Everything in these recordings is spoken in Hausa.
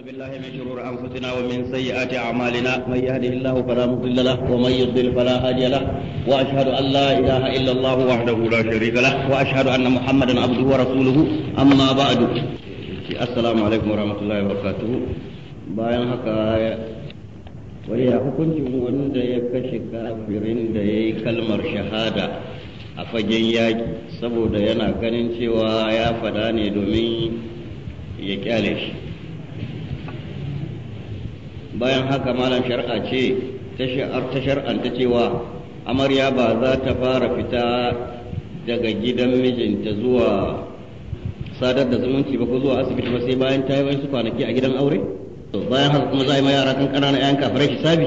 ونعوذ بالله من شرور انفسنا ومن سيئات اعمالنا من يهده الله فلا مضل له ومن يضلل فلا هادي له واشهد ان لا اله الا الله وحده لا شريك له واشهد ان محمدا عبده ورسوله اما بعد السلام عليكم ورحمه الله وبركاته bayan haka wani ya hukuncin wanda ya kashe kafirin da ya yi kalmar shahada a fagen yaki saboda yana ganin cewa ya fada ne domin ya kyale shi bayan haka malam shar'a ce ta shar'anta cewa amarya ba za ta fara fita daga gidan mijinta zuwa sadar da zumunci ba ko zuwa asibiti ba sai bayan ta yi wasu kwanaki a gidan aure bayan haka kuma za a yi ma yara kan ƙanana 'ya'yan kafirai sabi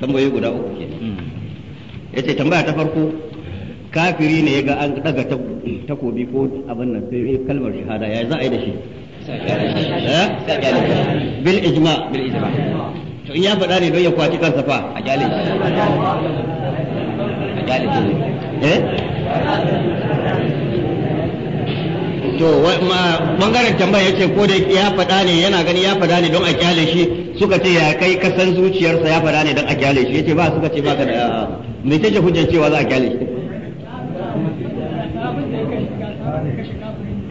tambayoyi guda uku ke. yace tambaya ta farko kafiri ne ya ga an daga takobi ko abin nan sai kalmar shahada ya za a yi da shi Eh? bil ijma bil ijma to in ya faɗa ne don ya kwaci kansa fa a kyale a kyale eh to bangaren tambaya yace ko da ya faɗa ne yana gani ya faɗa ne don a kyale shi suka ce ya kai kasan zuciyarsa ya faɗa ne don a kyale shi yace ba suka ce ba ka da me ce hujjar cewa za a kyale shi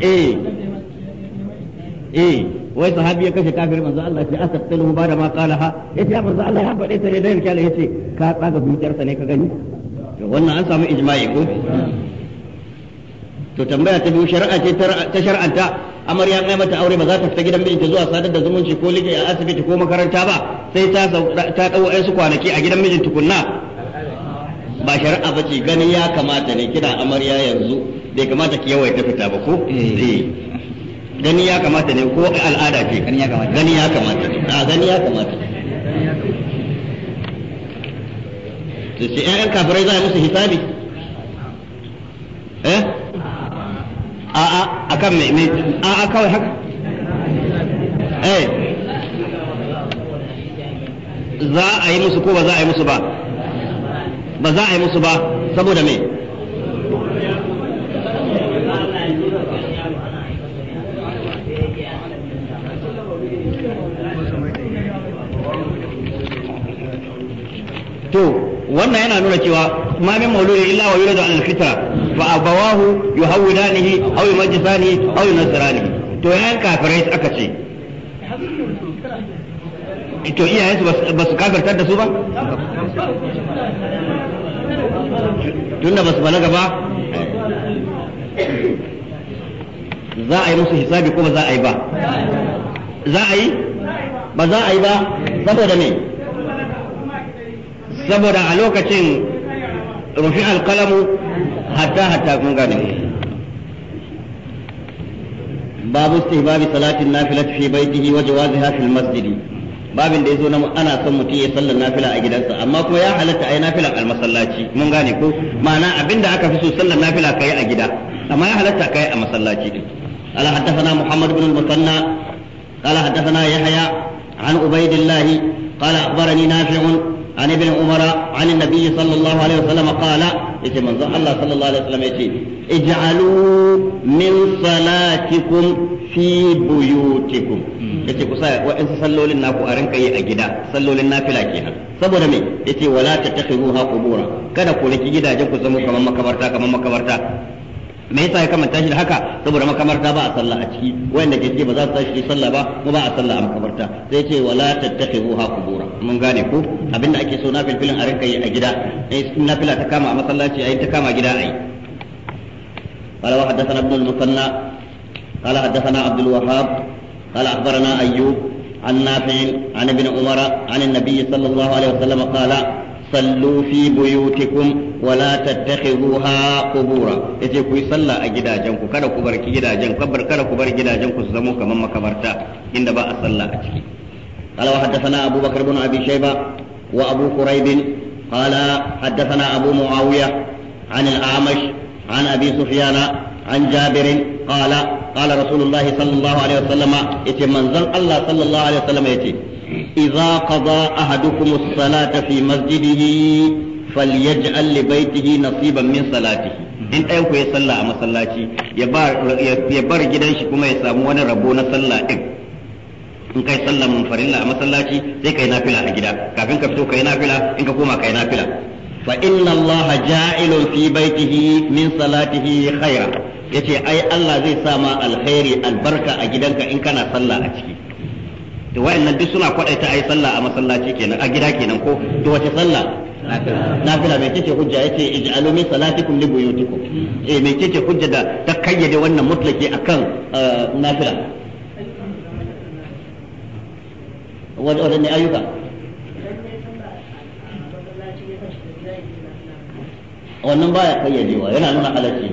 eh eh wai sahabi ya kashe kafir manzo Allah sai asabtalu ba da ma ha yace ya manzo Allah ya bade ta da yake yace ka tsaga sa ne ka gani to wannan an samu ijma'i ko to tambaya ta biyu shari'a ce ta shar'anta amarya mai mata aure ba za ta fita gidan mijinta zuwa sadar da zumunci ko lige a asibiti ko makaranta ba sai ta ta dau su kwanaki a gidan mijin tukunna ba shari'a ba ce ganin ya kamata ne kina amarya yanzu bai kamata ki yawaita fita ba ko eh, eh. gani ya kamata ne ko al'ada ce gani ya kamata gani ya kamata a gani ya kamata to sai ƴaƴan kafirai za a musu hisabi eh a a a kan mai mai a a kawai haka eh za a yi musu ko ba za a yi musu ba ba za a yi musu ba saboda mai to wannan yana nuna cewa ma min mauludi illa wa yuladu al fitra fa abawahu yuhawidanihi aw yumajjisani aw yunasirani to yayan kafirai aka ce to iyayensu ba su kafirtar da su ba tunda ba su balaga ba za a yi musu hisabi ko ba za a yi ba za a yi ba za a yi ba saboda ne. saboda a lokacin rufi alkalamu hatta hatta kun gane babu istihbabi salatin nafilati fi baitihi wa jawaziha fil masjidi babin da yazo na ana son mutum ya sallar nafila a gidansa amma kuma ya halatta ai nafila a masallaci mun gane ko ma'ana abinda aka fi so sallar nafila kai a gida amma ya halatta kai a masallaci din قال حدثنا محمد بن المثنى قال حدثنا يحيى عن عبيد الله قال اخبرني نافع عن ابن عمر عن النبي صلى الله عليه وسلم قال يتي من الله صلى الله عليه وسلم يتي اجعلوا من صلاتكم في بيوتكم yace ku sa wa'ansu sallolin naku a rinka yi a gida sallolin nafila kenan saboda me yace wala tattakhiruha qubura kada ku riki gidajen ku zama kamar makabarta kamar makabarta me yasa ya kamanta shi da haka saboda makamarta ba a sallah a ciki wanda ke ciki ba za su tashi sallah ba kuma ba a sallah a makamarta sai ce wala tattakhibu ha kubura mun gane ko abinda ake so na filfilin a rinka yi a gida na fila ta kama a masallaci ayi ta kama gida ayi قال وحدثنا abdul المثنى قال حدثنا عبد الوهاب قال اخبرنا ايوب عن نافع عن ابن عمر عن النبي صلى الله عليه وسلم قال sallu fi buyutikum wa la tattakhiduha qubura yace ku yi sallah a gidajen ku kada ku bar gidajen kabar kada ku bar gidajen ku su zamo kamar makabarta inda ba a sallah a ciki قال وحدثنا أبو بكر بن أبي شيبة وأبو كريب قال حدثنا أبو معاوية عن الأعمش عن أبي سفيان عن جابر قال قال رسول الله صلى الله عليه وسلم يتي منزل الله صلى الله عليه وسلم يتي إذا قضى أحدكم الصلاة في مسجده فليجعل لبيته نصيبا من صلاته in ɗayan ku ya sallah a masallaci ya bar gidan shi kuma ya samu wani rabo na sallah ɗin in kai sallah mun farilla a masallaci sai kai nafila a gida kafin ka fito kai nafila in ka koma kai nafila fa inna allaha ja'ilun fi baitihi min salatihi khaira yace ai Allah zai sa ma alkhairi albarka a gidanka in kana sallah a ciki to wayannan duk suna kwadaita ai sallah a masallaci kenan a gida kenan ko to wace sallah nafila mai kike hujja yace ij'alu min salatikum li buyutikum eh mai kike hujja da ta kayyade wannan mutlaki akan eh, nafila wadanne ayyuka wannan baya kayyadewa yana nuna halacci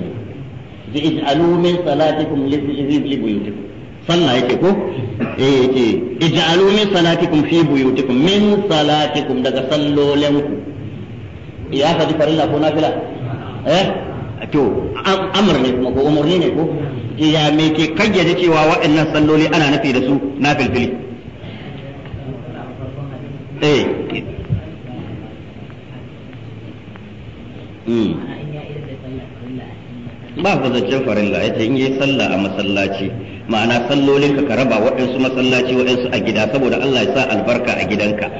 ne ij'alu min salatikum li buyutikum sallah yake ko eh yake ij'alu min salatikum fi buyutikum min salatikum daga sallolinku ya faɗi farilla ko nafila eh to amr ne kuma ko umurni ne ko ya me ke kayyade cewa waɗannan salloli ana nafi da su na filfili eh hmm. ba ku zancen farilla ya ce in yi sallah a masallaci ma'ana sallolinka ka raba waɗansu masallaci waɗansu a gida saboda Allah ya sa albarka a gidanka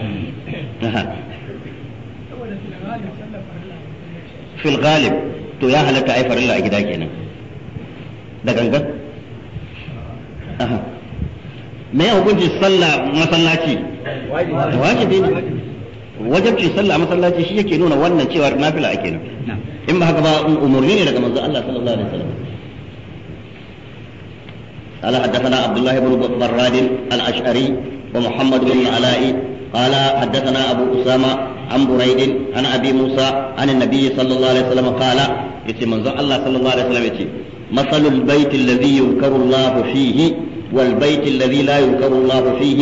fil ghalib to ya halatta ai farilla a gida kenan da gangan me ya hukunci sallah masallaci wajibi ne wajibci sallah masallaci shi yake nuna wannan cewa nafila a kenan, in ba haka ba umarni ne daga manzo Allah sallallahu alaihi wasallam قال حدثنا عبد الله بن براد الأشعري ومحمد بن علاء قال حدثنا أبو أسامة عن بريد عن أبي موسى عن النبي صلى الله عليه وسلم قال اسم الله صلى الله عليه وسلم يتي مثل البيت الذي يذكر الله فيه والبيت الذي لا يذكر الله فيه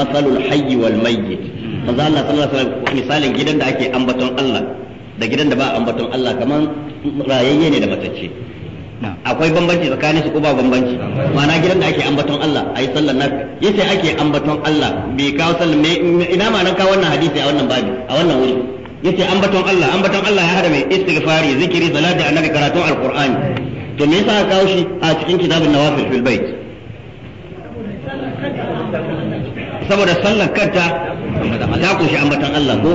مثل الحي والميت manzo Allah sallallahu alaihi wasallam misalin gidan da ake ambaton Allah da gidan da ba ambaton Allah kaman rayayye ne da matacce akwai bambanci tsakanin su ko ba bambanci ma'ana gidan da ake ambaton Allah ayi sallar nafi yace ake ambaton Allah bai kawo sallar me ina ma nan kawo wannan hadisi a wannan babi a wannan wuri yace ambaton Allah ambaton Allah ya hada mai istighfari zikiri salati annabi karatun alqur'ani to me yasa kawo shi a cikin kitabun nawafil fil bait saboda sallar kanta ta kushi ambaton Allah ko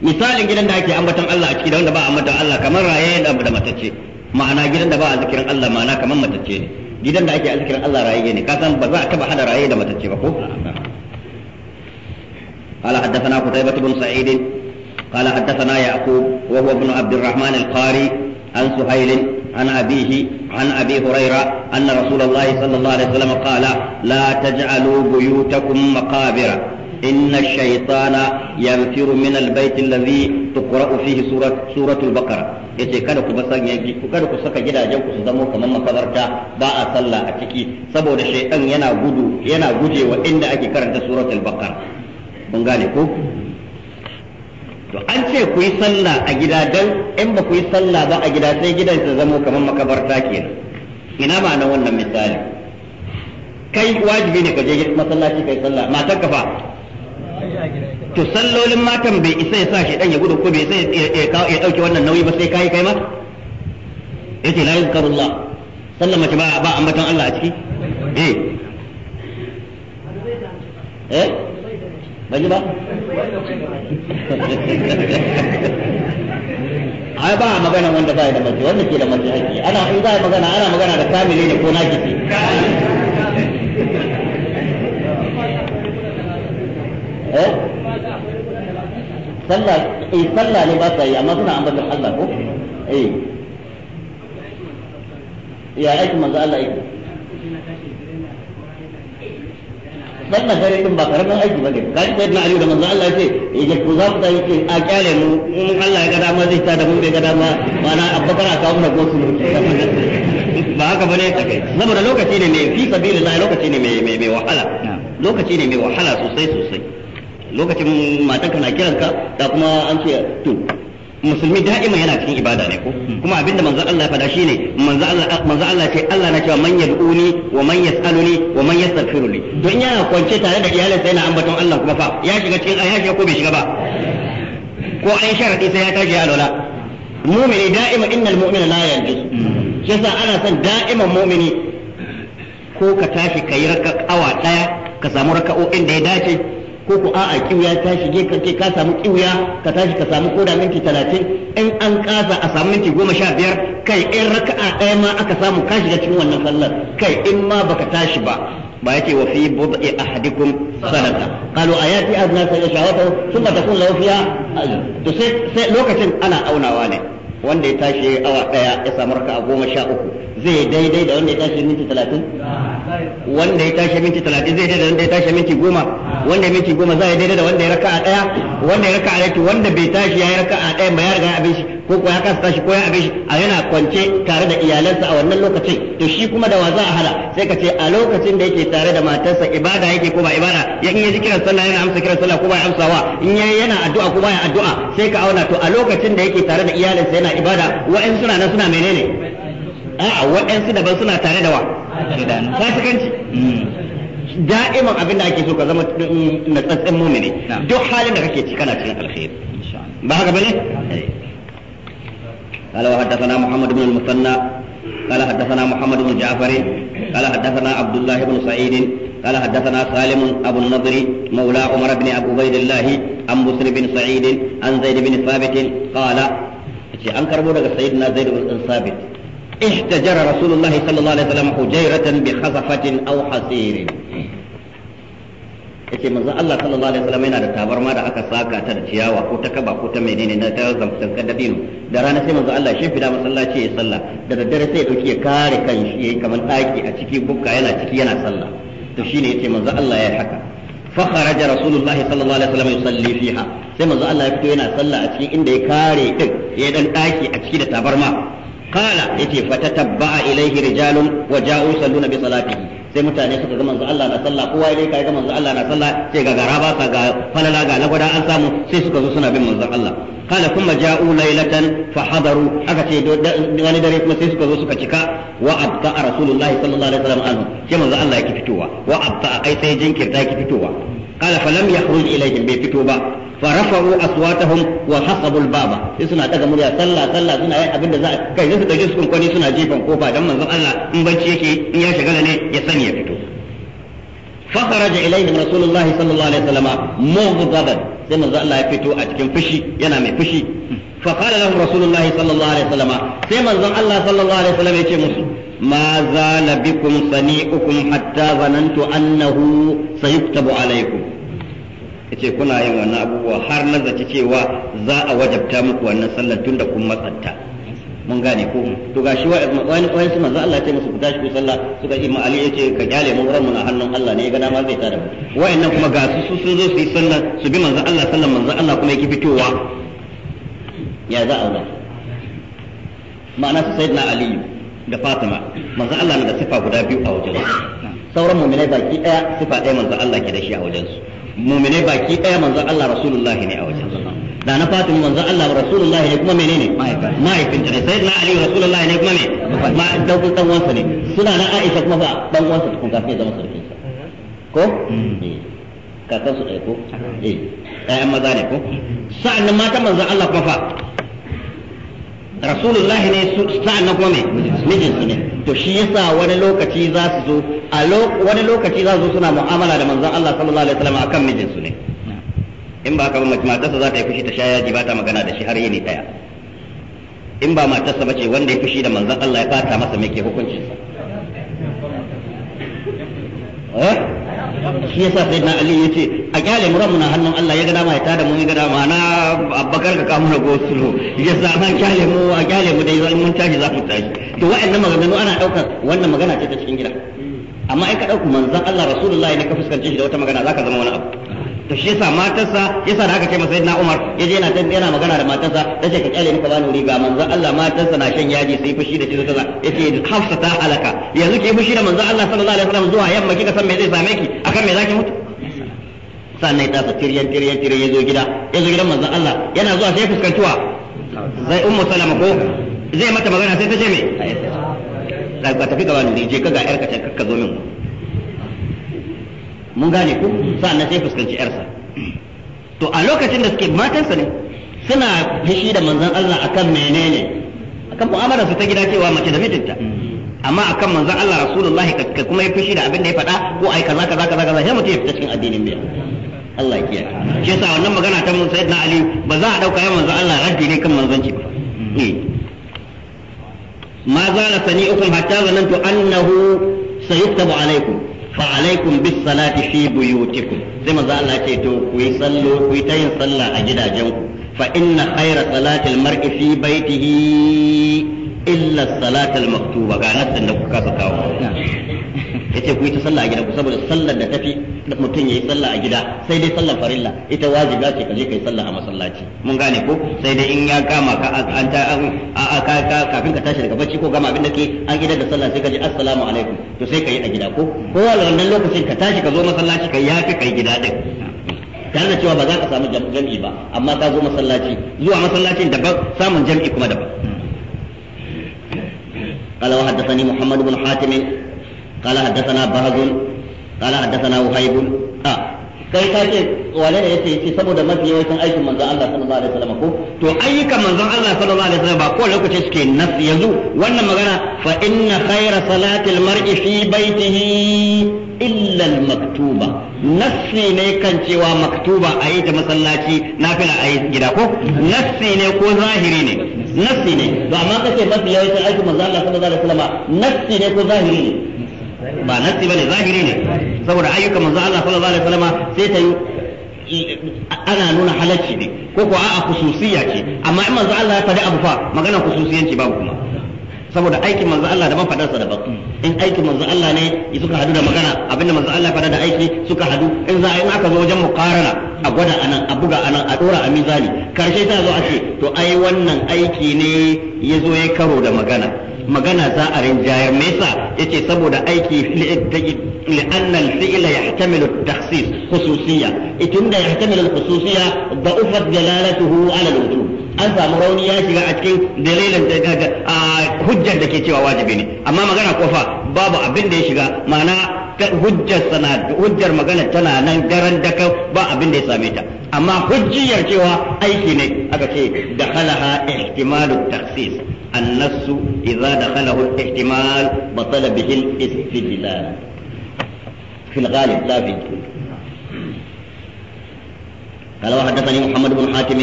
misalin gidan da ake ambatan Allah a ciki da wanda ba ambatan Allah kamar raye da da matacce ma'ana gidan da ba zikirin Allah ma'ana kamar matacce ne gidan da ake zikirin Allah raye ne ba za a taba hada raye da matacce ba ko قال حدثنا قتيبة بن سعيد قال حدثنا يعقوب وهو ابن عبد الرحمن القاري عن سهيل عن أبيه عن أبي هريرة أن رسول الله صلى الله عليه وسلم قال لا تجعلوا بيوتكم مقابر إن الشيطان ينفر من البيت الذي تقرأ فيه سورة سورة البقرة yace kada ku basan ku kada ku saka gidajen ku su zamo kamar makabarta ba a sallah a ciki saboda shaytan yana gudu yana gujewa inda ake karanta suratul baqara kun gane ko to an ce ku yi sallah a gidajen, in ba ku yi sallah ba a gida sai gidan su zamo kamar makabarta kenan ina ma'ana wannan misali kai wajibi ne ka je masallaci kai sallah matar ka fa to sallolin matan bai isa ya sa shaidan ya gudu ko bai sai ya dauke wannan nauyi ba sai kai kai ma yace la yuzkarullah Sannan mace ba ba ambaton Allah a ciki eh eh ban ba ai ba magana wanda ba da mace wanda ke da mace haƙi ana in za magana ana magana da kamile ne ko na kici eh sallah eh, ne ba sa yi amma suna ambatar Allah ko eh ya aiki manzo Allah aiki dan na gare din ba karamin aiki bane kai sai na aliyu da manzo Allah yace yaje ku za ku yake a kyale mu in Allah ya ga dama zai ta da mu bai ga dama mana abbakar aka mu ko su ba haka bane saboda lokaci ne mai fi sabilillah lokaci ne mai mai wahala lokaci ne mai wahala sosai sosai lokacin matanka na kiran ka da kuma an ce to musulmi da'ima yana cikin ibada ne ko hmm. kuma abinda manzo Allah ya faɗa shine manzo Allah ah, manzo Allah ce Allah na cewa man yad'uni wa man yas'aluni wa man yastaghfiruni don yana kwance tare da iyalinsa yana ambaton Allah kuma fa ya shiga cikin ya shiga ko bai shiga ba ko an sharadi sai ya tashi ya lola mu'mini da'ima innal mu'mina la yanjus hmm. shi yasa ana son daima mu'mini ko ka tashi kayi raka awa daya ka samu raka'o'in da ya dace ko ku a'a kiwuya ta shige ka ka samu kiwuya ka tashi ka samu koda minti talatin in an kasa a samu minti goma sha biyar kai in raka'a ɗaya ma aka samu ka shiga cikin wannan sallar kai in ma baka tashi ba ba yake wa fi bud'i ahadikum sanata qalu ayati adna sai shawata thumma takun lahu fiha to sai lokacin ana aunawa ne wanda ya tashi awa daya ya samu raka'a goma sha uku zai daidai da wanda ya tashi minti talatin wanda ya tashi minti talatin zai daidai da wanda ya tashi minti goma wanda ya minti goma zai daidai da wanda ya raka a daya wanda ya raka a daya wanda bai tashi ya yi raka a daya ba ya riga abin shi ko ko ya kasa tashi ko ya abin shi a yana kwance tare da iyalansa a wannan lokacin to shi kuma da wa za a hala sai ka ce a lokacin da yake tare da matarsa ibada yake ko ba ibada ya in ya ji kiran sallah yana amsa kiran sallah ko ba ya amsawa in ya yana addu'a ko ba ya addu'a sai ka auna to a lokacin da yake tare da iyalansa yana ibada wa'in suna nan suna menene a'a waɗansu daban suna tare da wa shaidan fasikanci da'iman abin da ake so ka zama natsatsen mumini duk halin da kake ci kana cikin alkhairi ba haka bane قال وحدثنا محمد بن المثنى قال حدثنا محمد بن جعفر قال حدثنا عبد الله بن سعيد قال حدثنا سالم أبو النضر مولى عمر بن أبو عبيد الله عن بسر بن سعيد عن زيد بن ثابت قال أنكر بودك سيدنا زيد بن ثابت احتجر رسول الله صلى الله عليه وسلم حجيرة بخزفة أو حصير yace manzo Allah sallallahu alaihi wasallam yana da tabarma da aka saka ta da ciyawa ko ta kaba ko ta menene na ta zamsan dabino da rana sai manzo Allah shi fida masallaci ya sallah da daddare sai ya dauki ya kare kan shi yayi kamar daki a ciki bukka yana ciki yana sallah to shine yace manzo Allah ya haka fa kharaja rasulullahi sallallahu alaihi wasallam yusalli fiha sai manzo Allah ya fito yana sallah a cikin inda ya kare din ya dan daki a ciki da tabarma qala yace fatatabba'a ilaihi rijalun wa ja'u yusalluna bi salatihi sai mutane suka ga manzo Allah na sallah kowa dai kai ga manzo Allah na sallah sai ga gara ba ga falala ga lagwada an samu sai suka zo suna bin manzo Allah qala kuma ja'u laylatan fa hadaru aka ce wani dare kuma sai suka zo suka cika wa abta rasulullahi sallallahu alaihi wasallam anhu sai manzo Allah yake fitowa wa abta kai sai jinkirta yake fitowa qala falam yakhruj ilayhim bai fito ba فرفعوا اصواتهم وحصبوا الباب sai suna daga murya sallah sallah suna yin abin da za a kai su dauke su kunkuni suna jefan kofa dan manzon Allah in bacci yake in ya shagala ne ya sani ya fito fa kharaja ilaihim rasulullahi sallallahu alaihi wasallam mughdaban sai manzon Allah ya fito a cikin fushi yana mai fushi fa qala lahum sallallahu alaihi sai Allah sallallahu alaihi ya ce musu ما زال بكم صنيعكم حتى ظننت annahu سيكتب عليكم kace kuna yin wannan abubuwa har na zaci cewa za a wajabta muku wannan sallar tunda kun matsatta mun gane ko to gashi wani wani su manzo Allah ya ce musu ku tashi ku sallah suka yi ma Ali yace ka kyale mu ran na hannun Allah ne ya ga dama zai tada mu wa'annan kuma ga su sun zo su yi sallah su bi manzo Allah sallan manzo Allah kuma yake fitowa ya za a wada ma'ana su sayyidina Ali da Fatima manzo Allah na da sifa guda biyu a wajen sauran mu'minai baki daya sifa daya manzo Allah ke da shi a wajen su mu'minai baki daya manzo Allah rasulullahi ne a wajen su da na Fatima manzo Allah rasulullahi ne kuma menene mahaifinta ne sayyidina Ali rasulullahi ne kuma me ma dan dan wansa ne suna na Aisha kuma ba dan wansa tukun kafin zama sarkin sa ko mm. eh. kakan su ɗaya ko eh ɗayan maza ne ko sa'an nan mata manzo Allah kuma fa rasulullah ne su sa'an na kuma mijinsu ne to shi yasa wani lokaci za su zo a wani lokaci za su zo suna mu'amala da manzon Allah sallallahu alaihi wasallam akan mijinsu ne in ba haka ba mace matarsa za ta yi fushi ta sha yaji ba ta magana da shi har yini daya in ba matarsa ba ce wanda ya fushi da manzon Allah ya fata masa me ke hukuncinsa eh shi yasa sai na ali yace a kyale muran muna hannun Allah ya gada ma ya tada mu ya ma dama na abbakar ka kamu na ya sa na kyale mu a kyale mu dai mun tashi za mu tashi to wa'annan maganganu ana daukar wannan magana ce ta cikin gida amma in ka dauki manzon Allah rasulullahi ne ka fuskance shi da wata magana zaka zama wani abu to shi yasa matarsa yasa da aka ce masa sayyidina Umar yaje yana tana yana magana da matarsa tace ka kyale ni ka bani wuri ga manzon Allah matarsa na shan yaji sai fushi da cizo kaza yace Hafsa ta halaka yanzu ke fushi da manzo Allah sallallahu alaihi wasallam zuwa yamma kika san me zai same ki akan me zaki mutu sannan ya tafi tiryan tiryan tiryan yazo gida yazo gidan manzo Allah yana zuwa sai fuskanci Zai ummu salama ko zai mata magana sai ta ce me ka tafi ka bani wuri je ka ga yarka ta kakka zo min mun gane ku sa'annan sai fuskanci yarsa to a lokacin da suke matansa ne suna fushi da manzon Allah akan menene akan mu'amala su ta gida cewa mace da mijinta amma akan manzon Allah rasulullahi ka kuma ya fushi da abin da ya faɗa ko ai kaza kaza kaza kaza sai mutum ya fita cikin addinin biya Allah ya kiyaye shi yasa wannan magana ta mun sayyidina Ali ba za a dauka ya manzon Allah raddi ne kan manzanci ba ما زال سنيئكم حتى ظننت أنه سيكتب عليكم fa alaikum bis salati fi buyutikum sai manzo Allah ce to ku yi sallah a gidajenku fa inna khayra salatil mar'i fi baitihi illa salatal maktuba ga nan da kuka kawo yace ku yi ta sallah a gida ku saboda sallar da tafi mutum ya yi sallah a gida sai dai sallar farilla ita wajiba ce ka je kai sallah a masallaci mun gane ko sai dai in ya kama ka an ta a ka ka kafin ka tashi daga bacci ko gama abin da ke an gidan da sallah sai ka ji assalamu alaikum to sai ka yi a gida ko ko wannan lokacin ka tashi ka zo masallaci ka kai ka kai gida din tare da cewa ba za ka samu jam'i ba amma ka zo masallaci zuwa masallacin daban samun jam'i kuma daban قال وحدثني محمد بن حاتم قال حدثنا بهز قال حدثنا وهيب آه kai ka ce wane ne yace yace saboda mafi yawancin aikin manzon Allah sallallahu alaihi wasallam ko to ayyukan manzon Allah sallallahu alaihi wasallam ba ko lokaci suke nas yanzu wannan magana fa inna khayra salati almar'i fi baitihi illa almaktuba nassi ne kan cewa maktuba a yi ta masallaci nafila a yi gida ko nassi ne ko zahiri ne nassi ne to amma kace mafi yawancin aikin manzon Allah sallallahu alaihi wasallam nassi ne ko zahiri ne ba nasi bane zahiri ne saboda ayyukan manzo Allah sallallahu alaihi wasallam sai ta yi ana nuna halacci ne ko ko a'a khususiyya ce amma in manzo Allah ya faɗi abu fa magana khususiyanci babu kuma saboda aikin manzo Allah daban fadarsa daban in aikin manzo Allah ne suka hadu da magana abinda manzo Allah ya fada da aiki suka hadu in za a in aka zo wajen muqarana a gwada anan a buga anan a dora a mizani karshe ta zo a ce to ai wannan aiki ne ya zo ya karo da magana magana za a rinjayar me yasa yace saboda aiki لأن الفعل يحتمل التخصيص خصوصية إتن يحتمل الخصوصية ضعفت دلالته على الوجوب an samu rauni ya shiga a cikin dalilin da hujjar da ke cewa wajibi ne amma magana kofa babu abin da ya shiga ma'ana hujjar sana hujjar magana tana nan daren daka ba abin da ya same ta amma hujjiyar cewa aiki ne aka ce da halaha ihtimalu taksis annasu idza dakhalahu ihtimal batala bihi istidlal fi ghalib la fi قال وحدثني محمد بن حاتم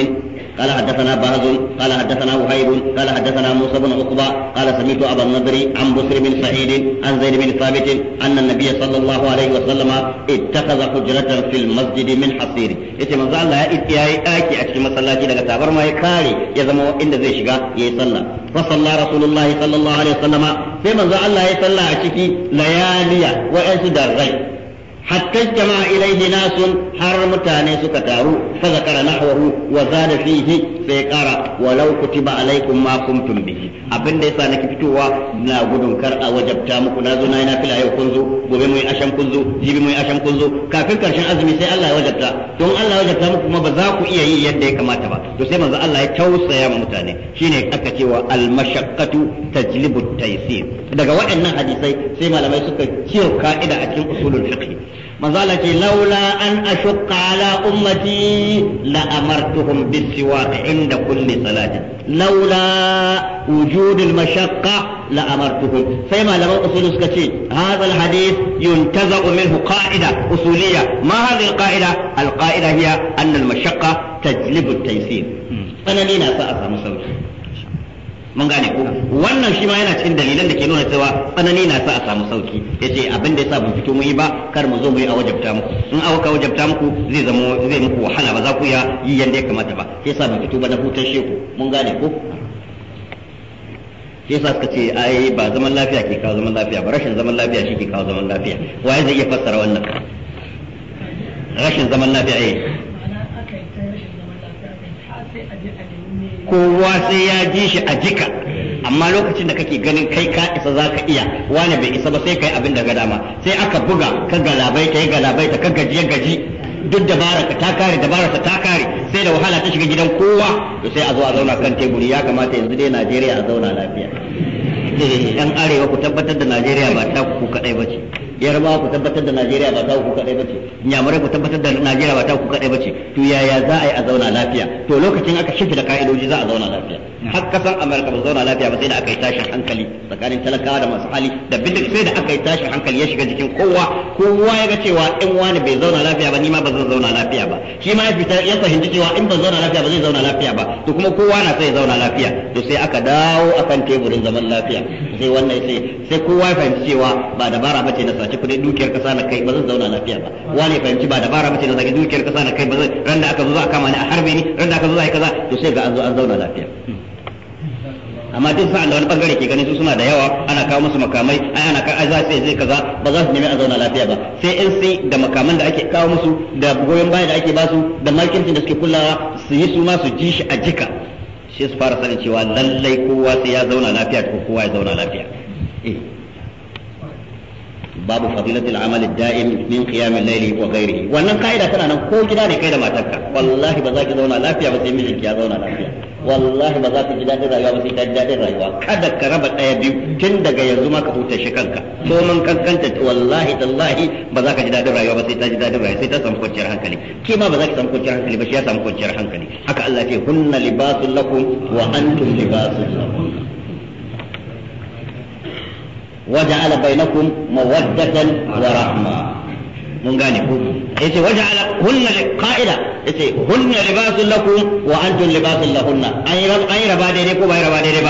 قال حدثنا بهز قال حدثنا وهيب قال حدثنا موسى بن عقبة قال سمعت أبا النضر عن بسر بن سعيد عن زيد بن ثابت أن النبي صلى الله عليه وسلم اتخذ حجرة في المسجد من حصير yace manzo Allah ya ya yi daki a cikin masallaci daga tabar ma ya kare ya zama inda zai shiga ya sallah fa salla rasulullahi sallallahu alaihi wasallama sai manzo Allah ya salla a ciki layaliya wa da darrai hatta jama'a ilaihi sun har mutane suka taru fa kara nahwahu wa zada fihi sai kara walau kutiba alaikum ma kuntum bihi abin da yasa nake fitowa na gudun kar a wajabta muku na zo na yi nafila gobe mu yi ashan jibi mu yi ashan kafin karshen azumi sai Allah ya wajabta don Allah ya wajabta muku ba za ku iya yi yadda ya kamata ba to sai manzo Allah ya tausaya ma mutane shine aka cewa al mashaqqatu tajlibu taysir daga waɗannan hadisai sai malamai suka ciyo ka'ida a cikin usulul fiqh مظلت لولا أن أشق على أمتي لأمرتهم بالسواك عند كل صلاة لولا وجود المشقة لأمرتهم فيما لم أصل هذا الحديث ينتزع منه قاعدة أصولية ما هذه القاعدة القاعدة هي أن المشقة تجلب التيسير أنا لنا سأفهم سوري mun gane ko wannan shi ma yana cikin dalilan da ke nuna cewa tsanani na sa a samu sauki ce abin da ya ban fito mu yi ba kar mu zo mu yi a wajabta muku in waka wajabta muku zai zama zai muku wahala ba za ku ya yi yanda ya kamata ba sa ban fito ba na hutar sheku mun gane ko shi sa suka ce ai ba zaman lafiya ke kawo zaman lafiya ba rashin zaman lafiya shi ke kawo zaman lafiya waye zai iya fassara wannan rashin zaman lafiya eh kowa sai ya ji shi a jika amma lokacin da kake ganin kai ka isa za ka iya wani bai isa ba sai kai abin da ga dama sai aka buga ka galabai ka yi galabai ta ka gaji gaji duk dabara ka ta kare dabara ta ta kare sai da wahala ta shiga gidan kowa to sai a zo a zauna kan teburi ya kamata yanzu dai Najeriya a zauna lafiya yan arewa ku tabbatar da Najeriya ba ta ku kadai ba ce yarbawa ku tabbatar da najeriya ba ta ku kadai bace nyamurai ku tabbatar da najeriya ba ta ku kadai bace to yaya za a yi a zauna lafiya to lokacin aka shirya da ka'idoji za a zauna lafiya har kasan amurka ba zauna lafiya ba sai da aka yi tashin hankali tsakanin talakawa da masu hali da bidda sai da aka yi tashin hankali ya shiga jikin kowa kowa ya ga cewa in wani bai zauna lafiya ba ni ma ba zan zauna lafiya ba shi ma ya fita ya fahimci cewa in ban zauna lafiya ba zai zauna lafiya ba to kuma kowa na sai ya zauna lafiya to sai aka dawo akan teburin zaman lafiya sai wannan sai sai kowa ya fahimci cewa ba dabara bace na sace dai dukiyar kasa na kai ba zan zauna lafiya ba wani fahimci ba dabara bace da zage dukiyar kasa na kai ba zan ran da aka zo za a kama ni a harbe ni ran da aka zo za a yi kaza to sai ga an zo an zauna lafiya amma duk sa'an da wani bangare ke ganin su suna da yawa ana kawo musu makamai ai ana kai za su zai kaza ba za su nemi a zauna lafiya ba sai in sai da makaman da ake kawo musu da goyon baya da ake su da markincin da suke kullawa su yi su ma su ji shi a jika shi su fara sanin cewa lallai kowa sai ya zauna lafiya ko kowa ya zauna lafiya eh babu fadilatul amal da'im min qiyam al-layl wa ghayrihi wannan kaida tana nan ko gida ne kai da matarka wallahi ba za ki zauna lafiya ba sai mijin ki zauna lafiya wallahi ba za ki ji rayuwa ba sai ka ji rayuwa kada ka raba daya biyu tun daga yanzu ma ka huta shi kanka ko mun kankanta wallahi tallahi ba za ka ji dadin rayuwa ba sai ta ji rayuwa sai ta samu kwanciyar hankali ke ba za ki samu kwanciyar hankali ba samu kwanciyar hankali haka Allah ya ce hunna libasul wa antum libasul وجعل بينكم مودة ورحمة من غانيكم يتي وجعل هن قائلة يتي هن لباس لكم وأنتم لباس لهن أي رب أي ربا ديريكم أي ربا ديريبا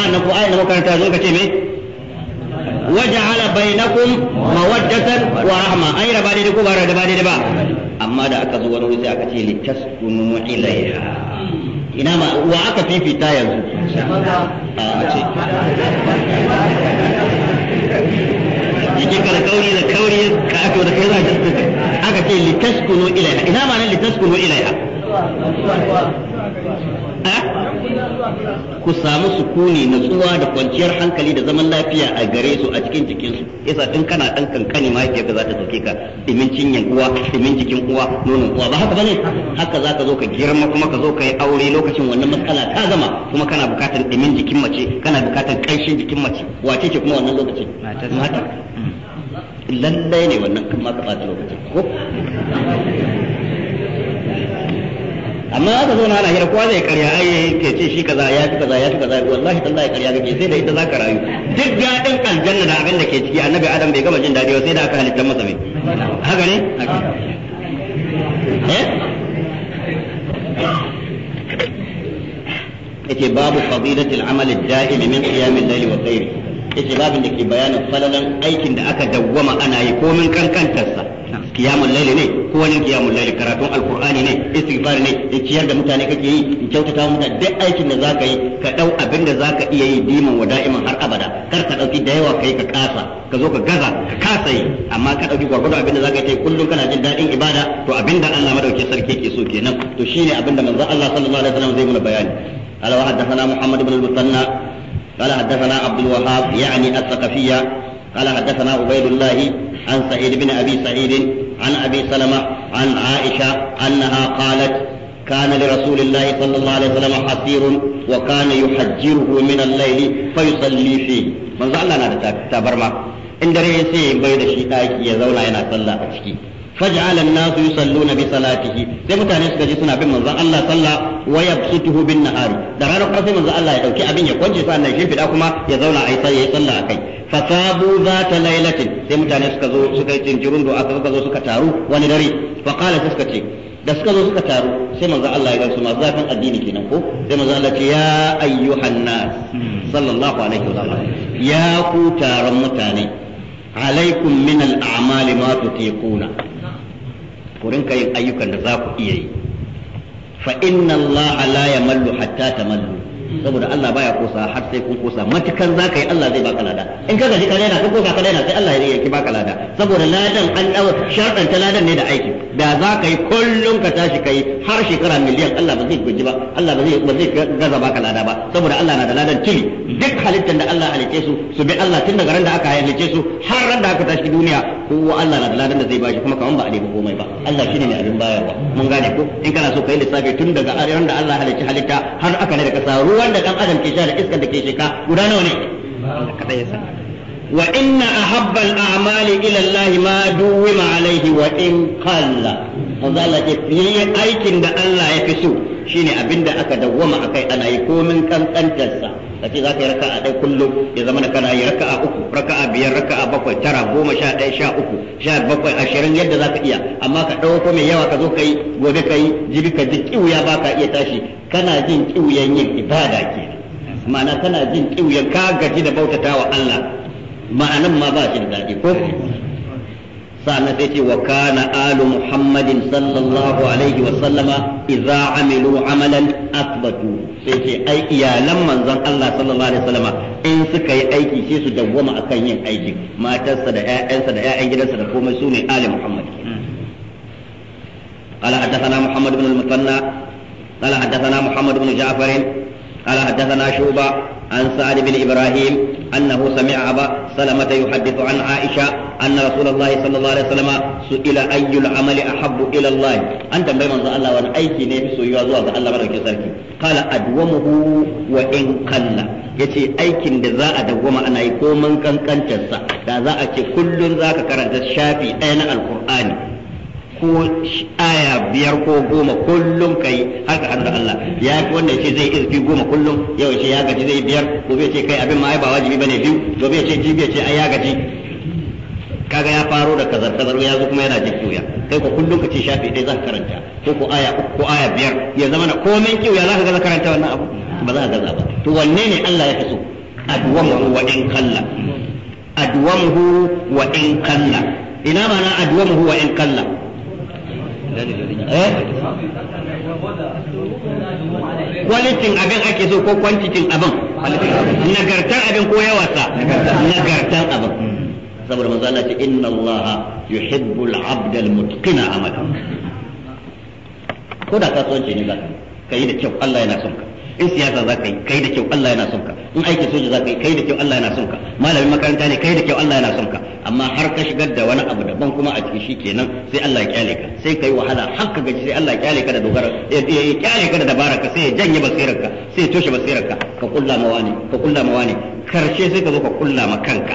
فأنكم أي ربا كانت تازوك تيمي وجعل بينكم مودة ورحمة أي ربا ديريكم أي ربا ديريبا أما دا أكا زوانو لسي أكا تي لتسكنوا إليها ina ma wa aka fifita yanzu a ce yake ka da kauri da kauri ka aka da kai za aka ce litaskunu ilaiha ina ma nan litaskunu ilaiha ku samu sukuni natsuwa da kwanciyar hankali da zaman lafiya a gare su a cikin jikin su yasa in kana dan kankani mahaifiyarka za ta sake ka dimin cinyan uwa dimin jikin uwa nonon uwa ba haka bane haka za ka zo ka girma kuma ka zo ka yi aure lokacin wannan matsala ta gama kuma kana bukatar dimin jikin mace kana bukatar ƙarshen jikin mace wace ce kuma wannan lokacin mata lallai ne wannan kuma ka ɓata lokacin ko amma aka zo na lahira kowa zai karya ai ke ce shi kaza ya fi kaza ya fi kaza wallahi tallahi karya kake sai da ita za ka rayu duk daɗin aljanna da abin da ke ciki annabi adam bai gama jin daɗi ba sai da aka halitta masa mai haka ne eh? yace babu fadilatul amal ad-da'im min qiyam al-layl wa ghayrihi yace babin da ke bayanin falalan aikin da aka dawwama ana yi komin kankantarsa kiyamun laili ne ko wani kiyamun laili karatun alkur'ani ne istighfar ne ciyar da mutane kake yi kyautata mutane duk aikin da zaka yi ka dau abin da zaka iya yi diman wa da'iman har abada kar ka dauki da yawa kai ka kasa ka zo ka gaza ka kasa yi amma ka dauki gwargwado abin da zaka yi kullum kana jin dadin ibada to abin da Allah madauki sarki ke so kenan to shine abin da manzo Allah sallallahu alaihi wasallam zai muna bayani ala wa muhammad ibn al-musanna قال حدثنا عبد الوهاب يعني الثقفية قال حدثنا عبيد الله عن سعيد بن أبي سعيد عن أبي سلمة عن عائشة أنها قالت كان لرسول الله صلى الله عليه وسلم حصير وكان يحجره من الليل فيصلي فيه من زعلنا تبرما إن دري سي بيد الشيطان يزولا ينا صلى أشكي faj'ala an-nasu yusalluna bi salatihi sai mutane suka ji suna bin manzon Allah sallah wa yabsutuhu bin nahari da ranar kuma sai manzon Allah ya dauki abin ya kwance sa nan shimfida kuma ya zauna a yi yayi sallah akai fasabu zata lailatin sai mutane suka zo suka yi cincirin do aka suka zo suka taru wani dare fa qala suka ce da suka zo suka taru sai manzon Allah ya gansu masu zafin addini kenan ko sai manzon Allah ce ya ayyuhan nas sallallahu alaihi wa sallam ya ku taron mutane alaikum min al-a'mali ma tutiquna ku rinka yin ayyukan da za ku iya yi fa inna Allah la yamallu hatta tamallu saboda Allah baya kosa har sai kun kosa matakan za ka yi Allah zai baka lada in ka gaji ka daina ka kosa ka daina sai Allah ya yi ki baka lada saboda ladan an dawo sharɗan ta ladan ne da aikin. da za ka yi kullum ka tashi ka yi har shekara miliyan Allah ba zai guji ba Allah ba zai ba zai gaza baka lada ba saboda Allah na da ladan tuni duk halittar da Allah halice su su bi Allah tun daga ran da aka halice su har ran da aka tashi duniya kowa Allah na da ladan da zai bashi kuma kaman ba a nemi komai ba Allah shine mai abin bayarwa mun gane ko in kana so kai lissafi tun daga ran da Allah halice halitta har aka ne da kasa ruwan da dan adam ke sha da iskar da ke sheka guda nawa ne wa a habbal a'mali ila Allah ma duwima alaihi wa in qalla manzo fiye aikin da Allah ya fi so shine abinda aka dawwama akai ana yi komin kankantarsa ka ce za yi raka a ɗaya kullum ya zama da kana raka a uku raka a biyar raka a bakwai tara goma sha ɗaya sha uku sha bakwai ashirin yadda za ka iya amma ka ɗauko mai yawa ka zo ka yi gobe ka jibi ka ji ƙiwuya ba ka iya tashi kana jin yin ibada ke kana jin ƙiwuyan ka gaji da bautata wa Allah ma'anan ma ba shi da daɗi ko sa'annan sai ce wa kana alu muhammadin sallallahu alaihi wa sallama idza amilu amalan asbatu sai ce ai iyalan manzon Allah sallallahu alaihi wa sallama in suka yi aiki sai su dawwama akan yin aiki matarsa da ƴaƴansa da ƴaƴan gidansa da komai su ne ali muhammad قال حدثنا محمد بن المثنى قال حدثنا محمد بن جعفر قال حدثنا شوبة عن سعد بن إبراهيم أنه سمع أبا سلمة يحدث عن عائشة أن رسول الله صلى الله عليه وسلم سئل أي العمل أحب إلى الله أنت بما الله وأن أي نفس يوازوا الله مرة كسرك قال أدومه وإن قل yace aikin da za a dawwama ana yi ko mun kankancinsa da za a ce kullun za ka karanta shafi ɗaya na alkur'ani ko aya biyar ko goma kullum kai, haka har ka da Allah ya fi wanda ya ce zai izfi goma kullum yau ce ya gaji zai biyar ko ya ce kai abin ma ai ba wajibi bane biyu to ya ce jibi ya ce ai ya gaji kaga ya faro da kazar kazar ya zo kuma yana jin kiwya kai ko kullum ka ce shafi dai za ka karanta ko ko aya ko aya biyar ya zama na komai kiwya za ka ga karanta wannan abu ba za ka gaza ba to wanne ne Allah ya fi so adwamu wa in kalla adwamuhu wa in kalla ina ma na adwamuhu wa in kalla eh kwalitin abin ake so ko kwantitin abin nagartar abin ko yawarsa nagartar abin saboda manzo Allah ce inna Allah yuhibbul abda al-mutqina amala ko da kasuwanci ne ka yi da kyau Allah yana son ka in siyasa za ka yi kai da kyau Allah yana son ka in aikin soja za ka yi kai da kyau Allah yana son ka malamin makaranta ne kai da kyau Allah yana son ka amma har ka shigar da wani abu daban kuma a ciki kenan sai Allah ya kyale ka sai kai wahala har ka gaji sai Allah ya kyale ka da dogara ya kyale ka da dabara ka sai ya janye basirar ka sai ya toshe basirar ka ka kulla ma wani ka kulla ma wani karshe sai ka zo ka kulla ma kanka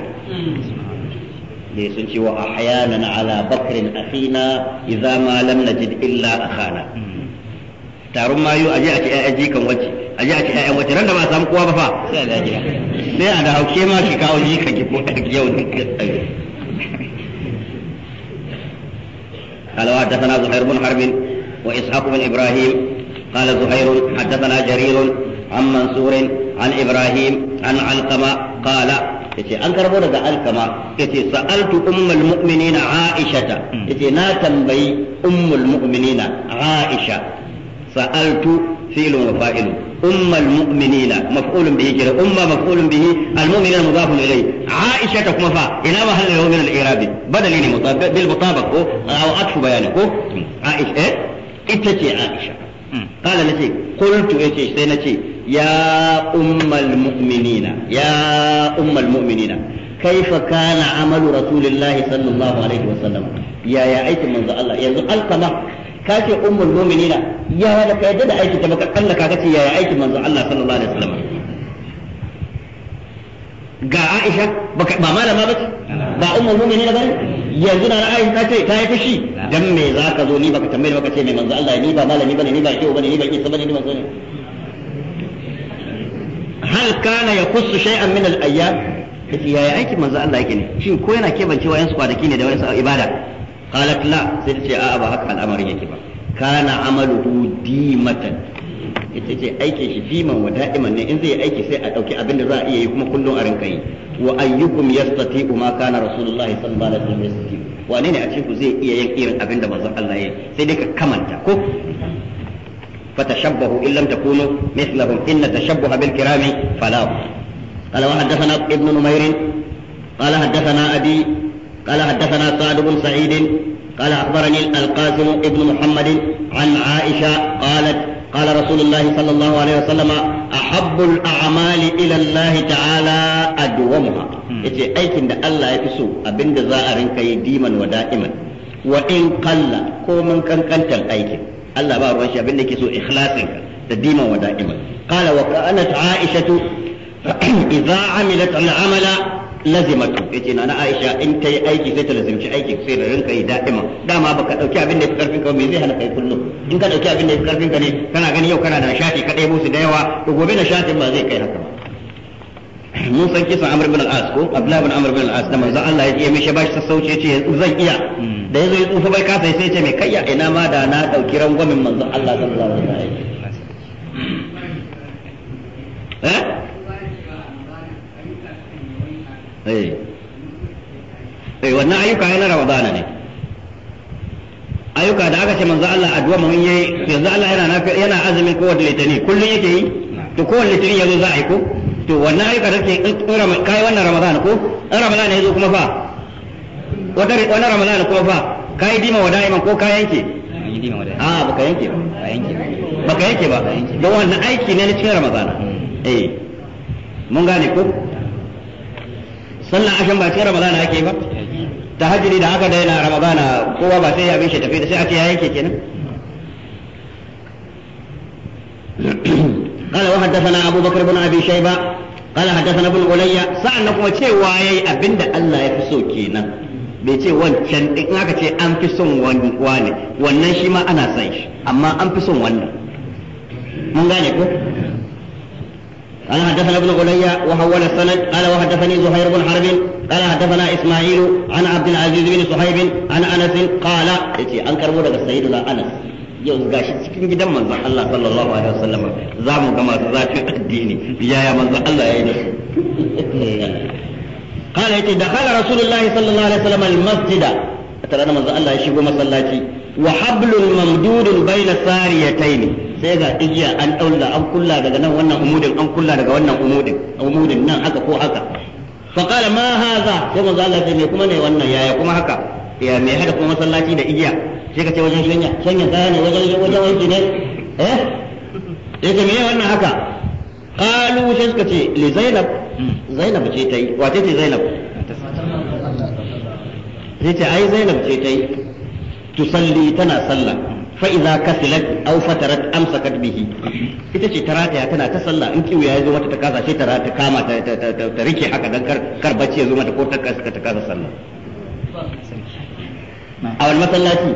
ne sun ce wa ahyana ala bakrin akhina idza ma lam najid illa akhana taron mayu a je a ci ƴaƴan jikan wacce a je a ci ƴaƴan wacce ran da ba samu kowa ba fa sai a da gida sai a da hauke ma ki kawo jikan ki ko yau قال وحدثنا زهير بن حرب وإسحاق بن إبراهيم قال زهير حدثنا جرير عن منصور عن إبراهيم عن علقمة قال yace an karbo daga alkama yace sa'altu ummul mu'minina aisha yace na tambayi ummul mu'minina aisha sa'altu filun wa fa'ilu umma almu'minina maf'ulun bihi kira umma maf'ulun bihi almu'minina mudafun ilayhi aisha ta kuma fa ina ma halal yawmin al-i'rabi badali ne bil mutabaq ko aw atfu bayani ko ita ce aisha qala nace qultu sai ya ummal mu'minina ya ummal mu'minina كيف كان عمل رسول الله صلى الله عليه وسلم يا يا أيت من الله يا القمة ka ce ummul mu'minina ya da ka yadda da aiki ta baka kalla ka kace yaya aikin manzo Allah sallallahu alaihi wasallam ga Aisha baka ba malama bace ba ummul mu'minina bane yanzu na Aisha ta ce ta yi fushi dan me zaka zo ni baka tambaye baka ce me manzo Allah ni ba malami bane ni ba kiwo bane ni ba kisa bane ni manzo ne hal kana yakussu shay'an min al-ayyam kace yaya aikin manzo Allah yake ne shin ko yana kebancewa 'yansu kwanaki ne da wani ibada qalat la sai ta ce a'a ba haka al'amarin yake ba kana amaluhu dimatan ita ce aikin shi fiman wa da'iman ne in zai aiki sai a dauki abin da za a iya yi kuma kullum a rinka yi wa ayyukum yastati'u ma kana rasulullahi sallallahu alaihi wasallam yastati'u wane ne a cikin zai iya yin irin sai dai ka kamanta ko in قال وحدثنا ابن نمير قال حدثنا أبي قال حدثنا سعد بن سعيد قال أخبرني القاسم ابن محمد عن عائشة قالت قال رسول الله صلى الله عليه وسلم أحب الأعمال إلى الله تعالى أدومها yace aikin da Allah ya fi so abinda za a rinka yi diman wa da'iman wa in qalla ko mun kankantar aikin Allah ba ruwan shi abinda yake so ikhlasin da diman aishatu amilat amala lazimatu yace na Aisha in kai aiki sai ta lazimci aiki sai da rinka yi da'ima dama baka dauki abin da yake karfin ka me zai hana kai kullum in ka dauki abin da yake karfin ka ne kana gani yau kana da shafi ka ɗebo su da yawa to gobe na shafin ba zai kai haka ba mun san kisan Amr bin al-As ko Abdullah bin Amr bin al-As da manzo Allah ya yi mishi bashi sassauci yace zan iya da yazo ya tsufa bai kasa sai ya ce mai kayya ina ma da na dauki rangwamin manzo Allah sallallahu alaihi wasallam eh eh eh wannan ayyuka yana ramadana ne ayyuka da aka ce manzo Allah addu'a mun yi yanzu Allah yana nafi yana azumin kowace litini kullun yake yi to ko kowace litini yazo za a yi ko to wannan ayyuka da ke mai kai wannan ramadana ko in ramadana yazo kuma fa wata wannan ramadana kuma fa kai dima wada'iman ko kai yanke a ah, baka yanke ba ba baka yanke ba don wannan aiki ne na cikin ramadana mm. eh mun gane ko sallan ashan ba cikin ramadana ake ba ta hajjiri da aka daina ramadana kowa ba sai ya abin shi tafi da sai ake ya yake kenan Kala na Abubakar bin قال kala أبو na bin أبي sa'an قال حدثنا ابن ya yi كما تشي واي أبن الله يفسو كينا bai ce wancan in aka ce an fi son wani wannan shi ma ana san amma an fi son wannan mun gane ko قال حدثنا ابن علي وحول السند قال وحدثني زهير بن حرب قال حدثنا اسماعيل عن عبد العزيز بن صهيب عن انس قال يتي ان كربو daga سيدنا انس yau gashi cikin gidan manzon Allah sallallahu alaihi wasallam za mu ga masu zafin addini yaya manzon Allah ya yi da قال يتي دخل رسول الله صلى الله عليه وسلم المسجد ترى manzon Allah ya shigo masallaci wa hablun mamdudun baina sariyataini sai ga igiya an daula an kulla daga nan wannan umudin an kulla daga wannan umudin umudin nan haka ko haka fa qala ma hadha sai manzo Allah sai kuma ne wannan yaya kuma haka ya me hada kuma masallaci da igiya sai ka ce wajen shanya shanya kaya ne wajen wajen wanki ne eh sai ka me wannan haka qalu sai suka ce li zainab zainab ce tai wace ce zainab sai ce ai zainab ce tai tusalli tana sallah fa idza kasilat aw fatarat amsakat bihi ita ce tarataya tana ta sallah in kiwo ya zo mata ta kasa sai ta kama ta ta rike haka dan kar kar bacci ya zo mata ko ta kasa ta kasa sallah a wani masallaci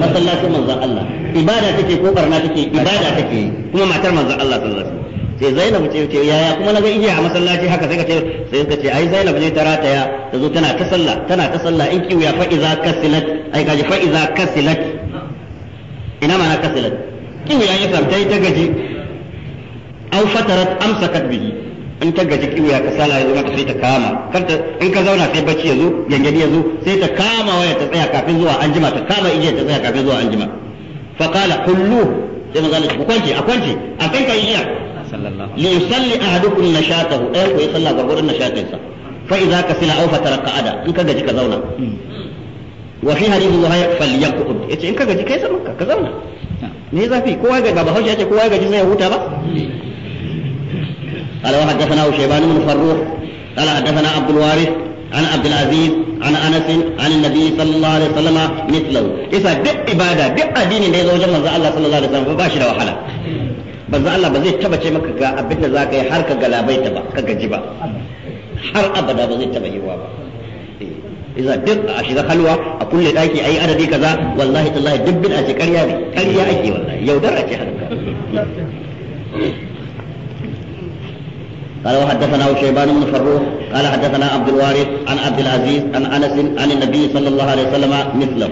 masallacin manzon Allah ibada take ko barna take ibada take kuma matar manzon Allah sallallahu alaihi sai Zainabu ce ce yaya kuma naga iya a masallaci haka sai ka ce sai ka ce ai zainabu ne ta rataya ta zo tana ta sallah tana ta sallah in kiwiya fa iza kasilat ai kaji fa iza kasilat ina ma na kasilat kin ya yi tai ta gaji au fatarat amsakat bihi in ta gaji kiwiya ka sala ya zo sai ta kama kanta in ka zauna sai bacci ya zo yanzu ya zo sai ta kama waya ta tsaya kafin zuwa anjima ta kama igiya ta tsaya kafin zuwa anjima fa qala kullu sai manzo ku kwance a kwance a kan kan iya. li yusalli ahadukum nashatahu ɗaya ku yi sallah gurgurdan nashatinsa fa idza kasila aw fatara qa'ada in ka gaji ka zauna hmm. wa fi hadithu wa falyaqud yace in ka gaji kai zaman ka zauna ne hmm. zafi kowa ga baba haushi yace kowa gaji sai ya huta ba قال وحدثنا شيبان بن فروخ قال حدثنا عبد الوارث عن عبد العزيز عن انس عن النبي صلى الله عليه وسلم مثله اذا دق عباده دق دين ده يزوج الله صلى الله عليه وسلم فباشر وحلا manzo Allah ba zai taba ce maka ga abin da zaka yi har ka galabaita ba ka gaji ba har abada ba zai taba yiwa ba eh, idan duk a shiga halwa a kulle daki ayi adadi kaza wallahi tallahi duk a ce ƙarya ne ƙarya ake wallahi a ce halka قال وحدثنا شيبان بن فروخ قال حدثنا عبد الوارث عن عبد العزيز عن انس عن النبي صلى الله عليه وسلم مثله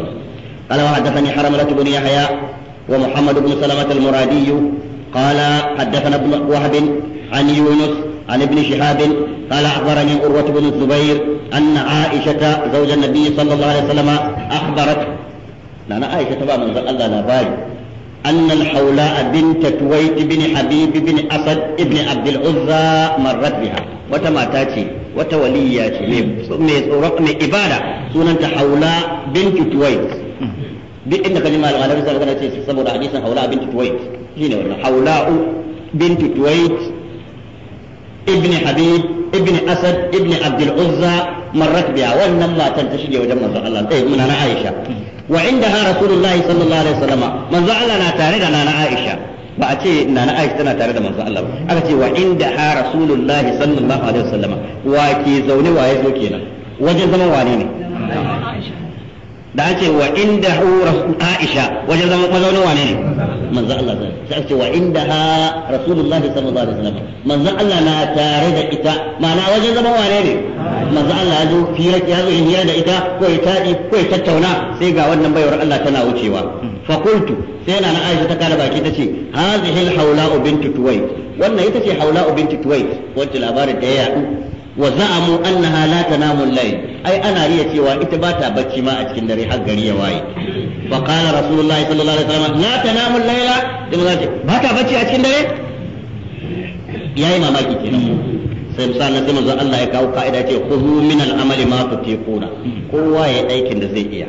قال وحدثني حرملة بن يحيى ومحمد بن سلمة المرادي قال حدثنا ابن وهب عن يونس عن ابن شهاب قال أخبرني عروة بن الزبير أن عائشة زوج النبي صلى الله عليه وسلم اخبرت لأن عائشة بقى من الله لا أن الحولاء بنت تويت بن حبيب بن أسد ابن عبد العزى مرت بها وتما تاتي وتولية سمي رقم إبادة سننت حولاء بنت تويت بإنك لما الغالب سنة سبب حديثا حولاء بنت تويت shine wannan haula'u bintu tuwait ibn habib ibn asad ibn abdul uzza marrat biya wannan matan ta shige wajen manzon Allah eh muna na Aisha wa indaha rasulullahi sallallahu alaihi wasallam manzon Allah na tare da nana Aisha ba a ce nana Aisha tana tare da manzon Allah aka ce wa indaha rasulullahi sallallahu alaihi wasallam wa ke zaune waye ya zo kenan wajen zama wane ne da ake wa inda hu Aisha wajen zama mazaunin wane ne manzo Allah sai ake wa inda ha Rasulullahi sallallahu alaihi wasallam manzo Allah na tare da ita ma'ana wajen zama wane ne manzo Allah ya zo fira ya zo hira da ita ko ya tadi ko ya tattauna sai ga wannan baiwar Allah tana wucewa fa qultu sai na Aisha ta kare baki tace hazihi al-hawla bintu tuwai wannan ita ce hawla bintu tuwai wacce labarin da ya yadu wa za'amu annaha la tanamu al-layl ai ana iya cewa ita ba ta bacci ma a cikin dare har gari ya waye fa qala rasulullahi sallallahu alaihi wasallam la tanamu al-layla idan ba ta bacci a cikin dare yayi mamaki kenan sai misali sai manzo Allah ya kawo ka'ida ce khudhu min al-amali ma tutiquna kowa ya aikin da zai iya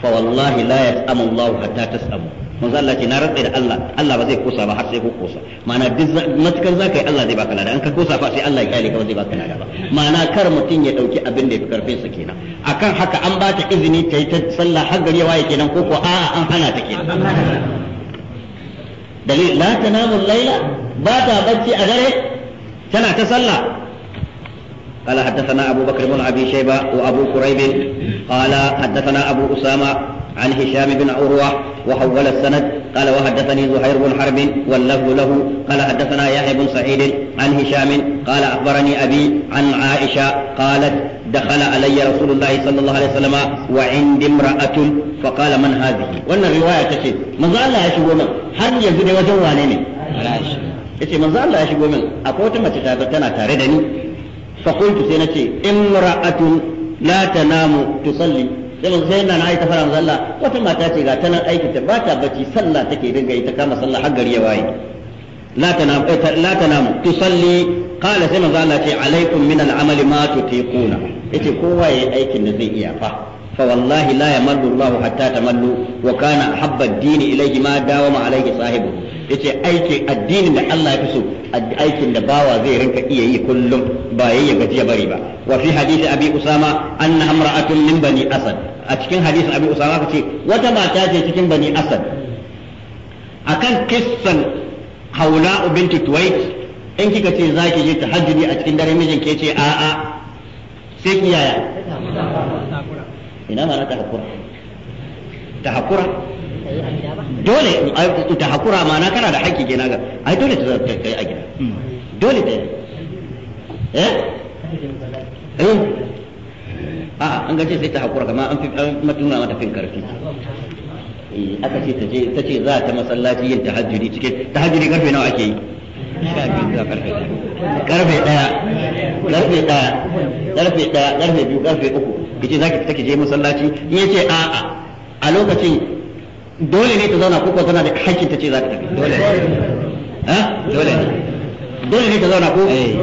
fa wallahi la yasamu Allah hatta tasamu manzo Allah ce na rantsa da Allah Allah ba zai kosa ba har sai ku kosa ma'ana duk matukar zaka yi Allah zai baka lada in ka kosa fa sai Allah ya kyale ka ba zai baka lada ba ma'ana kar mutum ya dauki abin da ya fi karfin sa kenan akan haka an ba ta izini ta yi ta sallah har gari ya waye kenan ko ko a'a an hana ta kenan dalil la tanamu layla ba ta bacci a dare tana ta sallah قال حدثنا أبو بكر بن أبي شيبة وأبو كريب قال حدثنا أبو أسامة عن هشام بن عروة وحول السند قال وحدثني زهير بن حرب واللفظ له قال حدثنا يحيى بن سعيد عن هشام قال أخبرني أبي عن عائشة قالت دخل علي رسول الله صلى الله عليه وسلم وعندي امرأة فقال من هذه وانا الرواية تشي ماذا الله يشبه من هل يزيد وجواني yace manzo Allah ya shigo min akwai wata mace ta tana tare da ni fa qultu sai nace imra'atun la tanamu tusalli sai mun na aita fara manzo Allah wata mata ce ga ta nan aikata ba ta bacci sallah take dinga yi ta kama sallah har gari ya waye la tanamu eh, la tanamu tusalli qala sai manzo Allah ce alaikum min al ma tutiquna yace kowa yayi aikin da zai iya fa fa wallahi la yamallu Allah hatta tamallu wa kana habba ad-din ilayhi ma dawama alayhi sahibu yace aikin addinin da Allah ya fi so aikin da bawa zai rinka iya yi kullum ba yayi gaji ya bari ba wa hadisi abi usama anna imra'atun min bani asad a cikin hadisin abu usama ka ce wata mata ce cikin bani asad akan kissan haula binti tuwait in kika ce za ki je tahajjudi a cikin dare mijin ke ce a a sai ki yaya ina ma ta hakura ta hakura dole ta hakura ma na kana da haƙƙi kenan ga ai dole ta kai a gida dole ta yi eh, eh? a an gace sai ta hakura kama an fi matuna mata fin karfi eh, aka ce ta ce ta ce za ta masallaci yin tahajjudi cike tahajjudi karfe nawa ake yi karfe daya karfe daya karfe daya karfe biyu karfe uku kice zaki fita ki je masallaci in yace a a a lokacin dole ne ta zauna ko tana da hakkin ta ce za ta tafi dole ha dole ne dole ne ta zauna ko eh.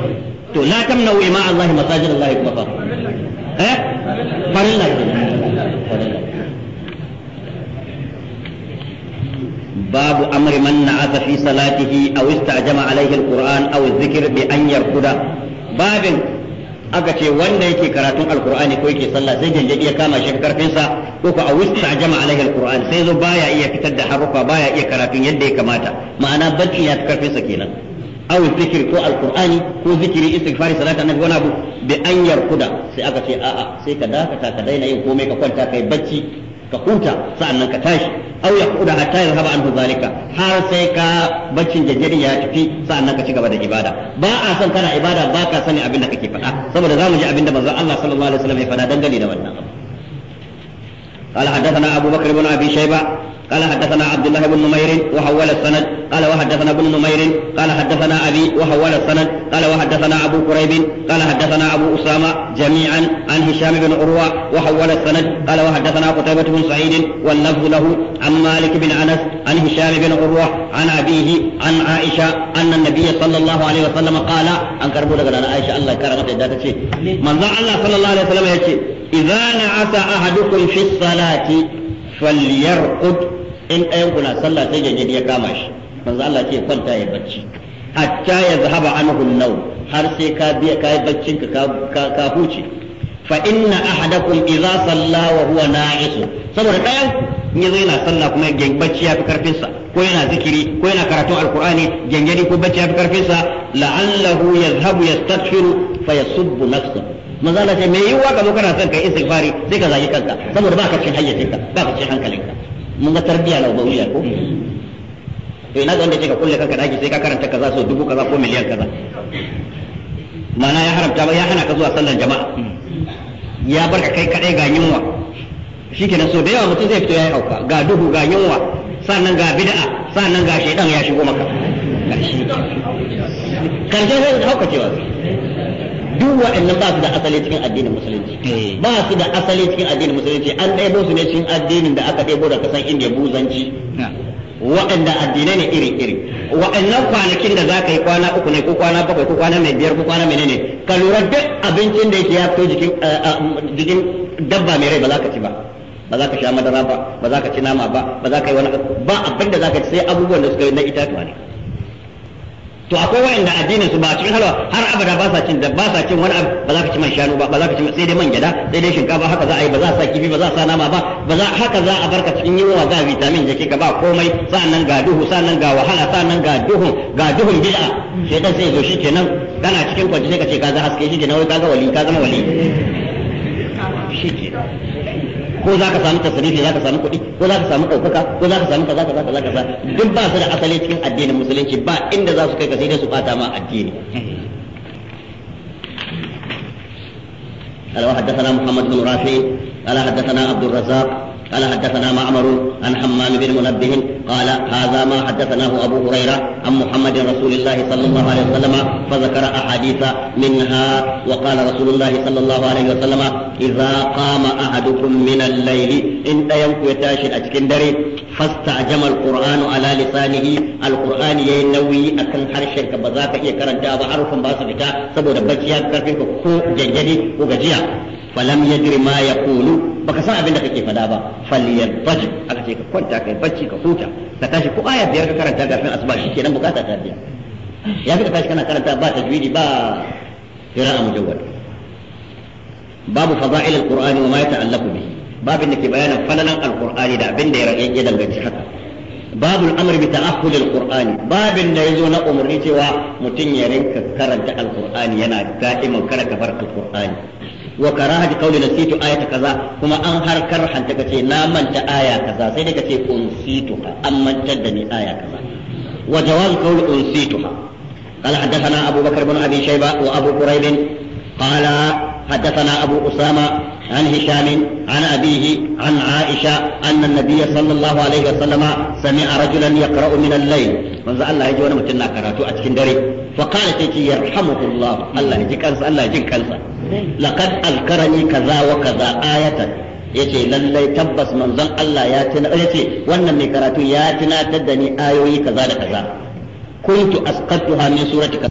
to la tamna'u ima Allah masajid Allah kuma fa eh babu amri man na'asa fi salatihi aw istajama alaihi alquran aw dhikr bi an yarkuda babin aka ce wanda yake karatun alkur'ani ko yake sallah sai janjabi ya kama shi karfinsa ko ko a wusta jama alaihi alkur'ani sai zo baya iya fitar da harufa baya iya karatun yadda ya kamata ma'ana bacci ya karfinsa kenan aw zikiri ko alqur'ani ko zikiri istighfari salata annabi wani abu bi an yarkuda sai aka ce a'a sai ka dakata ka daina yin komai ka kwanta kai bacci ka huta sa'annan ka tashi ya yaquda hatta yarhaba anhu zalika har sai ka baccin jajjari ya tafi sa'annan ka ci gaba da ibada ba a san kana ibada ba ka sani abin da kake faɗa saboda zamu ji abin da manzon Allah sallallahu alaihi wasallam ya faɗa dangane da wannan abu قال قال حدثنا عبد الله بن نمير وحول السند قال وحدثنا ابن نمير قال حدثنا أبي وحول السند قال وحدثنا أبو كريب قال حدثنا أبو أسامة جميعا عن هشام بن عروة وحول السند قال وحدثنا قتيبة بن سعيد واللفظ له عن مالك بن أنس عن هشام بن عروة عن أبيه عن عائشة أن النبي صلى الله عليه وسلم قال أن كربوا أنا عائشة الله كرمت شيء من الله صلى الله عليه وسلم يحكي إذا نعس أحدكم في الصلاة فليرقد in ɗayan ku na sallah sai gangadi ya kama shi manzo Allah ce kwanta ya bacci hatta ya zahaba anhu nau har sai ka biya kai baccin ka ka huce fa inna ahadakum idza salla wa huwa na'is saboda ɗayan in yazo yana sallah kuma bacci ya fi karfin sa ko yana zikiri ko yana karatun alqur'ani gangadi ko bacci ya fi karfin sa la'allahu yazhabu yastaghfiru fa yasubbu nafsahu maza Allah ce me yiwuwa ka zo kana son kai istighfari sai ka zagi kanka saboda baka cikin hayyacinka baka cikin hankalinka mun ga tarbiya na wuya ko hmm. to ina ga wanda ce ka kulle kanka daki sai ka karanta kaza so dubu kaza ko miliyan kaza Mana ya haramta ba ya hana ka zuwa sallar jama'a hmm. ya barka kai kadai ga yunwa shikenan so da yawa mutum zai fito yayi hauka. ga duhu ga yunwa sannan ga bid'a sannan ga shaidan ya shigo maka karshe hmm. karshe sai hauka cewa duk waɗannan ba su da asali cikin addinin musulunci eh. ba su da asali cikin addinin musulunci an ɗaya su ne cikin addinin da aka ɗaya da kasan indiya buzanci waɗanda addinai ne iri-iri waɗannan kwanakin da za ka yi kwana uku ne ko kwana bakwai ko kwana mai biyar ko kwana mai ne ka lura duk abincin da yake ya fito eh, eh, jikin dabba mai rai ba za ka ci ba ba za ka sha madara ba ba za ka ci nama ba ba za ka yi wani ba abin da za ka ci sai abubuwan da suka yi na itatuwa ne to akwai wa'anda addinin su ba cikin halwa har abada ba sa cin da ba sa cin wani abu ba za ka ci man shanu ba ba za ka ci sai dai man gyada sai dai shinkafa haka za a yi ba za a sa kifi ba za a sa nama ba ba za haka za a barka cikin yunwa ga vitamin jiki ka ba komai sannan ga duhu sannan ga wahala sannan ga duhu ga duhun bid'a dan sai zo shi kenan kana cikin kwanci sai ka ce ka za haske shi kenan wai ka ga wali ka zama wali shi kenan ko za ka samu tasarifi za ka samu kuɗi ko za ka samu ɗaukaka ko za ka samu kaza kaza kaza kaza duk ba su da asali cikin addinin musulunci ba inda za su kai ka sai su bata ma addini قال وحدثنا محمد بن رافع قال حدثنا عبد الرزاق قال حدثنا معمر عن حمام بن منبه قال هذا ما حدثناه أبو هريرة عن محمد رسول الله صلى الله عليه وسلم فذكر أحاديث منها وقال رسول الله صلى الله عليه وسلم إذا قام أحدكم من الليل إن ينكو يتاشي أتكندري فاستعجم القرآن على لسانه القرآن ينوي أكن حرشك بذاك يكرن جاب حرف باسبك سبو دبجيا كرفك كو جنجلي وغجيا falam yadri ma yaqulu baka san abin da kake fada ba falyadbaj aka ce ka kwanta kai bacci ka huta ka tashi ko aya biyar ka karanta kafin asuba shikenan bukata ta biya ya fi ka tashi kana karanta ba ta tajwidi ba a mujawwad babu fada'il alqur'ani wa ma yata'allaqu bihi babin da ke bayanin falalan alqur'ani da abin da ya danganci haka babu al'amari bi ta'akkul alqur'ani babin da yazo na umarni cewa mutum ya rinka karanta alqur'ani yana da'iman kada ka alqur'ani wa karahati qawli nasitu ayata kaza kuma an har karhanta kace na manta aya kaza sai dai kace unsituha an mantar da ni aya kaza wa jawaz qawli unsituha قال حدثنا أبو بكر بن أبي شيبة وأبو قريب قال حدثنا أبو أسامة عن هشام عن أبيه عن عائشة أن النبي صلى الله عليه وسلم سمع رجلا يقرأ من الليل من الله يجوانا متنا كراتو أتكندري fa qala sai ce yarhamuhullah Allah ya ji Allah ya ji kansa laqad kaza wa kaza ayatan yace lallai tabbas manzon Allah ya tuna yace wannan mai karatu ya tunatar da ni ayoyi kaza da kaza kuntu asqatuha min surati